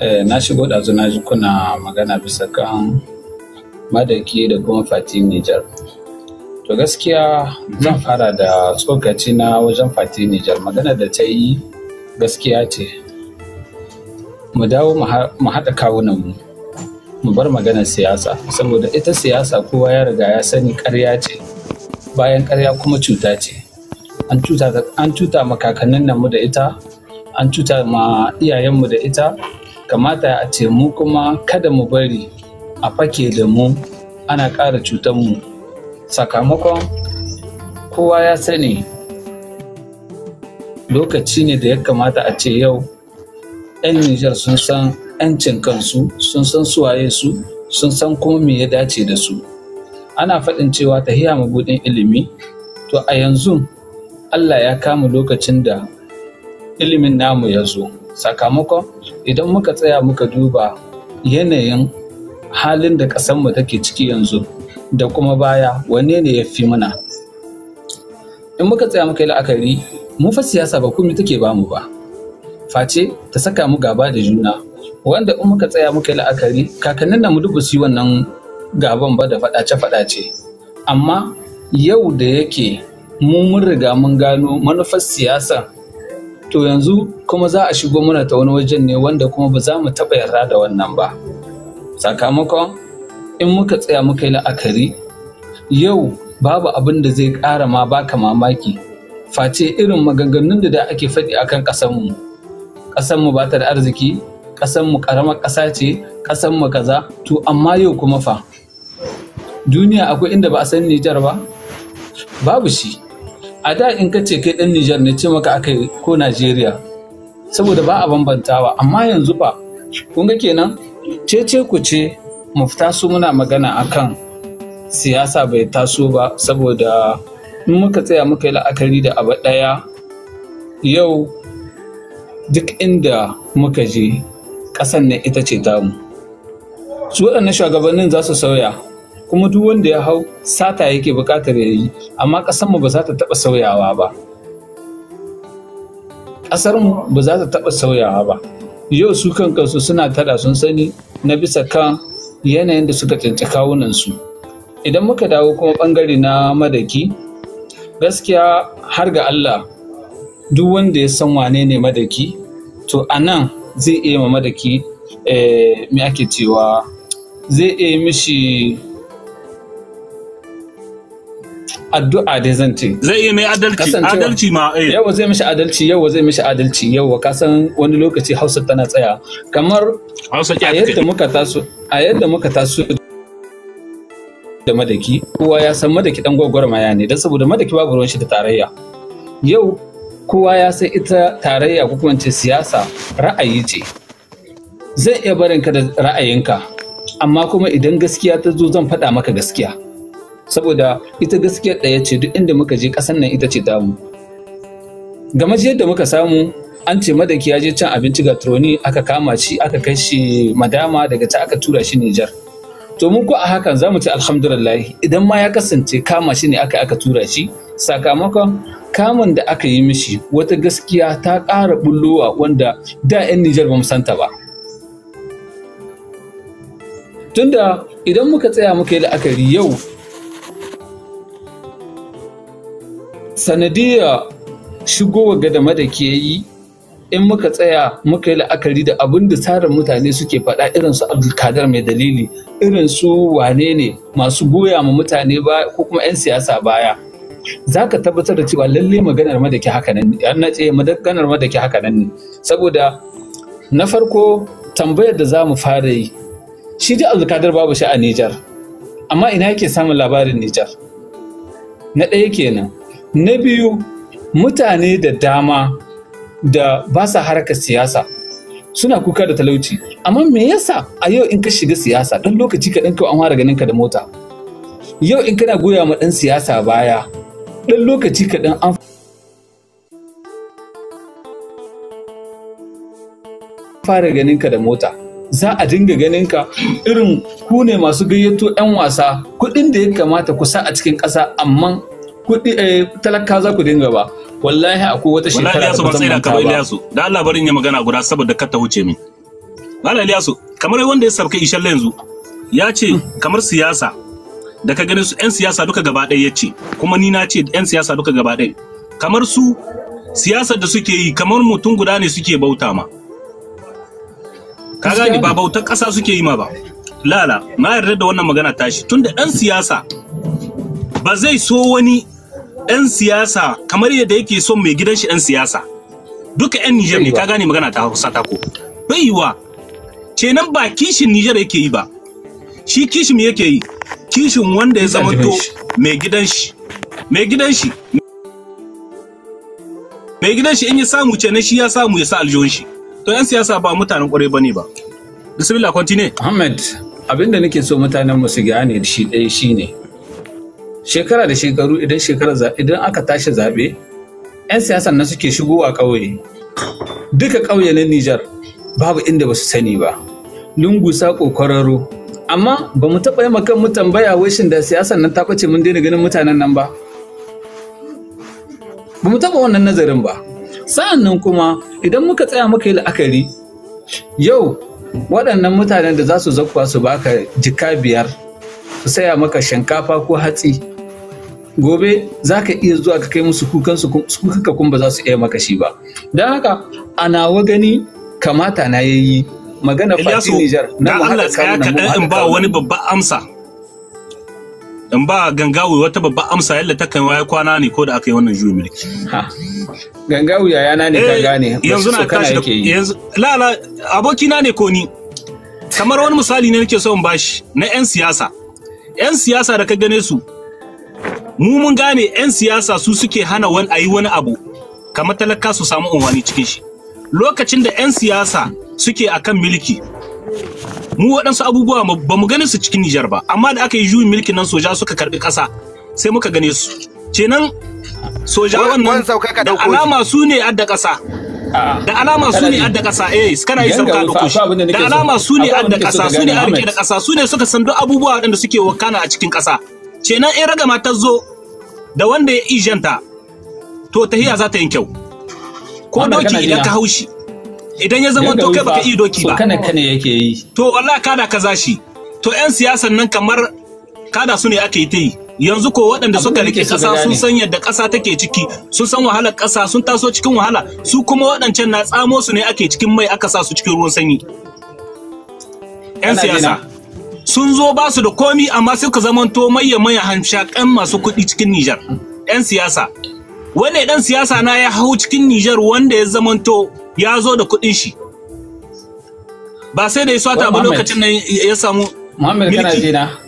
Eh, na shigo ɗazu na ji kuna magana bisa kan madaki da kuma fatin Nijar. To gaskiya zan fara da tsokaci na wajen fatin Nijar magana da ta yi gaskiya ce. Mu dawo mu haɗa kawunan mu Mu bar magana siyasa, saboda ita siyasa kowa ya riga ya sani ƙarya ce, bayan ƙarya kuma cuta ce. An cuta makakannin mu da ita, an cuta ma iyayenmu da ita, kamata a ce mu kuma kada mu bari a fake da mu ana ƙara mu sakamakon kowa ya sani lokaci ne da ya kamata a ce yau 'yan nijar sun san 'yancin kansu sun san suwaye su sun san kuma me ya dace da su ana faɗin cewa ta hiya mabudin ilimi to a yanzu allah ya kama lokacin da ilimin namu ya zo sakamakon idan muka tsaya muka duba yanayin halin da mu take ciki yanzu da kuma baya wanne ne ya fi muna in muka tsaya muka yi la'akari mu fa siyasa ba kumi take bamu ba face ta saka mu gaba da juna wanda in muka tsaya muka yi la'akari kakannin na mu duk su wannan gaban ba da faɗace-faɗace amma yau da yake mu mun riga mun gano manufar siyasa to yanzu kuma za a shigo muna ta wani wajen ne wanda kuma ba za mu taɓa yarda da wannan ba sakamakon in muka tsaya muka yi la'akari yau babu abin da zai ƙara ma baka mamaki face irin maganganun da da ake faɗi akan ƙasanmu ƙasanmu ba ta da arziki ƙasanmu ƙaramar ƙasa ce ƙasanmu kaza to amma yau kuma fa duniya akwai inda ba a san Nijar ba babu shi a da in ka ce kai ɗan Nijar ne ce maka aka yi ko Najeriya saboda ba a bambantawa amma yanzu ba kun ga kenan cece ku ce mufta su muna magana akan siyasa bai taso ba saboda in muka tsaya muka yi la'akari da abu ɗaya yau duk inda muka je ƙasan ne ita ce tamu su waɗannan shugabannin za su sauya kuma duk wanda ya hau sata yake buƙatar ya yi amma ƙasarmu ba za ta taɓa sauyawa ba ƙasarmu ba za ta taɓa sauyawa ba yau su kan kansu suna tada sun sani na bisa kan yanayin da suka cancanci kawunansu idan muka dawo kuma ɓangare na madaki gaskiya har ga Allah duk wanda ya san wane ne madaki to a nan zai iya ma madaki eh, me ake cewa zai iya mishi addu'a dai zan ce zai iya mai adalci adalci ma eh. yawa zai mishi adalci yawa zai mishi adalci yawa ka san wani lokaci Hausa tana tsaya kamar a yadda muka taso a yadda muka taso da madaki kowa ya san madaki dan gwagwarmaya ne don saboda madaki babu ruwan shi da tarayya yau kowa ya san ita tarayya ko kuma ce siyasa ra'ayi ce zan iya barinka da ra'ayinka amma kuma idan gaskiya ta zo zan faɗa maka gaskiya saboda ita gaskiya ɗaya ce duk inda muka je ƙasar nan ita ce damu. tamu gamajiyar da muka samu an ce madaki ya je cin abinci ga troni aka kama shi aka kai shi madama daga ta aka tura shi Nijar. To mun ko a hakan za mu ci alhamdulillah idan ma ya kasance kama shi ne aka aka tura shi sakamakon kamun da aka yi mishi wata gaskiya ta ƙara bullowa wanda da 'yan Nijar ba mu santa ba. Tunda idan muka tsaya muka yi la'akari yau sanadiyar shigowa ga da ke yi in muka tsaya muka yi la'akari da abin da tsarin mutane suke faɗa irin su abdulkadar mai dalili irin su wane ne masu goya ma mutane ba ko kuma 'yan siyasa baya za ka tabbatar da cewa lalle maganar madaki haka nan ne an ce maganar madaki haka nan ne saboda na farko tambayar da za mu fara yi shi da alkadar babu shi a Nijar amma ina yake samun labarin Nijar na ɗaya kenan na biyu mutane da dama da ba sa harkar siyasa suna kuka da talauci amma me yasa a yau in ka shiga siyasa dan lokaci kaɗan kawo an fara ganin ka da mota yau in kana goya ma ɗan siyasa baya dan lokaci kaɗan an fara ganin ka da mota za a dinga ganin ka irin ku ne masu gayyato 'yan wasa kuɗin da ya kamata ku sa a cikin ƙasa amma kuɗi eh, talaka za ku dinga ba wallahi akwai wata shekara wallahi yasu ba sai da ka bai Ilyasu da Allah barin ya magana guda saboda ka ta huce min wallahi Ilyasu kamar wanda ya sauka ishal yanzu ya ce kamar siyasa da ka gani su 'yan siyasa duka gaba ɗaya ya ce kuma ni na ce 'yan siyasa duka gaba ɗaya kamar su siyasar da suke yi kamar mutum guda ne suke bauta ma ka gane ba bautar ƙasa suke yi ma ba lala na yarda da wannan magana tashi tunda ɗan siyasa ba zai so wani ɗan siyasa kamar yadda yake son mai gidan shi ɗan siyasa duka 'yan Nijar ne ka gane magana ta Hausa ta ko baiwa ce kenan ba kishin Nijar yake yi ba shi kishin yake yi kishin wanda ya zama to mai gidan shi mai gidan shi mai gidan shi in ya samu ce na shi ya samu ya sa aljihun shi to 'yan siyasa ba mutanen kwarai bane ba bismillah continue Ahmed abinda nake so mutanen mu su gane shi ɗaya shine shekara da shekaru idan idan aka tashi zaɓe 'yan siyasan nan suke shigowa ƙauye duka ƙauye na Nijar babu inda ba su sani ba lungu saƙo kwararo amma ba mu taɓa yi makan mu tambaya wai shin da siyasan nan ta ɓace mun daina ganin mutanen nan ba ba mu taɓa wannan nazarin ba sa'an nan kuma idan muka tsaya muka yi la'akari yau waɗannan mutanen da za su zakuwa su baka jika biyar su saya maka shinkafa ko hatsi gobe za ka iya zuwa ka kai musu kukansu kuka kun ba za su iya maka shi ba don haka a nawa gani kamata na yi magana fati Nijar na mu haɗa kawo na mu haɗa ba wani babban amsa in ba gangawi wata babban amsa yalla ta kan waya kwana ne ko da aka yi wannan juyin mulki gangawi yayana ne ka eh, gane yanzu na tashi da yanzu lala abokina ne ko ni kamar wani misali ne nake so in bashi na yan siyasa yan siyasa da ka gane su mu mun gane 'yan siyasa su suke hana wani ayi wani abu kamar talaka su samu unwani cikin shi lokacin da 'yan siyasa suke akan milki mu waɗansu abubuwa ba mu ganin su cikin Nijar ba amma da aka yi juyin milkin nan soja suka karbi ƙasa sai muka gane su kenan soja wannan da alama su ne adda ƙasa da alama su ne adda ƙasa eh kana yi sauka da kushi da alama su ne adda ƙasa su ne a da ƙasa su ne suka san duk abubuwa waɗanda suke wakana a cikin ƙasa nan in ragama ta zo da wanda ya ijanta to tahiya za ta yin kyau ko doki idan ka haushi idan ya zama to kai baka iya doki ba kana kana yake yi to wallahi kada ka zashi to yan siyasan nan kamar kada su ne ake yi ta yi yanzu ko waɗanda suka rike ƙasa sun san yadda ƙasa take ciki sun san wahalar ƙasa sun taso cikin wahala su kuma waɗancan na tsamo su ne ake cikin mai aka sa su cikin ruwan sanyi 'yan siyasa sun zo ba su da komi amma suka zamanto maiya maye hanshakan masu kuɗi cikin Nijar. 'Yan siyasa. Wane ɗan siyasa na ya hau cikin Nijar wanda ya zamanto ya zo da kuɗin shi. Ba sai da ya swata ba lokacin nan ya samu. Muhammad kana jina.